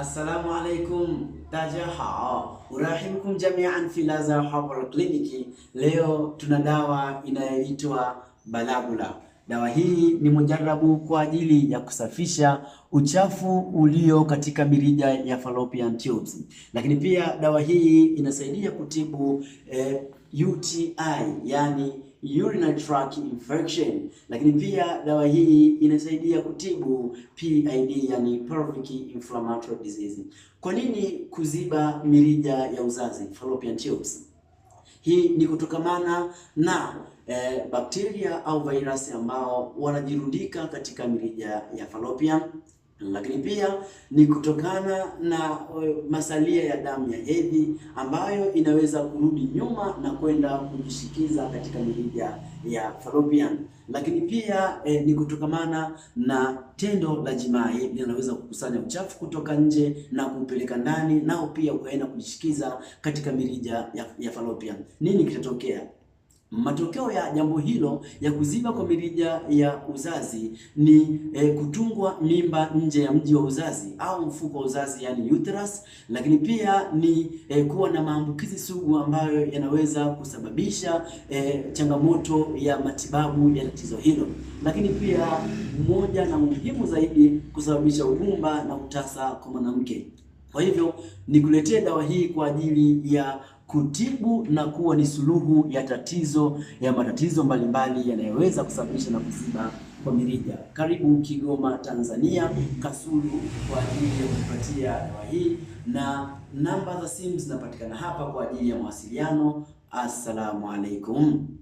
Assalamu alaikum, daja hao urahimukum jamian fi Laza Herbal kliniki. Leo tuna dawa inayoitwa balagula. Dawa hii ni mujarabu kwa ajili ya kusafisha uchafu ulio katika mirija ya fallopian tubes, lakini pia dawa hii inasaidia kutibu eh, UTI yani urinary tract infection, lakini pia dawa hii inasaidia kutibu PID, yani pelvic inflammatory disease. Kwa nini kuziba mirija ya uzazi fallopian tubes? Hii ni kutokamana na eh, bakteria au virusi ambao wanajirundika katika mirija ya fallopian lakini pia ni kutokana na uh, masalia ya damu ya hedhi ambayo inaweza kurudi nyuma na kwenda kujishikiza katika mirija ya fallopian, lakini pia eh, ni kutokamana na tendo la jimai linaweza kukusanya uchafu kutoka nje na kuupeleka ndani, nao pia ukaenda kujishikiza katika mirija ya, ya fallopian. Nini kitatokea? Matokeo ya jambo hilo ya kuziba kwa mirija ya uzazi ni e, kutungwa mimba nje ya mji wa uzazi au mfuko wa uzazi yani uterus, lakini pia ni e, kuwa na maambukizi sugu ambayo yanaweza kusababisha e, changamoto ya matibabu ya tatizo hilo, lakini pia mmoja na muhimu zaidi kusababisha ugumba na utasa kwa mwanamke. Kwa hivyo nikuletee dawa hii kwa ajili ya kutibu na kuwa ni suluhu ya tatizo ya matatizo mbalimbali yanayoweza kusababisha na kuziba kwa mirija. Karibu Kigoma, Tanzania, Kasulu kwa ajili ya kupatia dawa hii, na namba za simu zinapatikana hapa kwa ajili ya mawasiliano. Assalamu alaikum.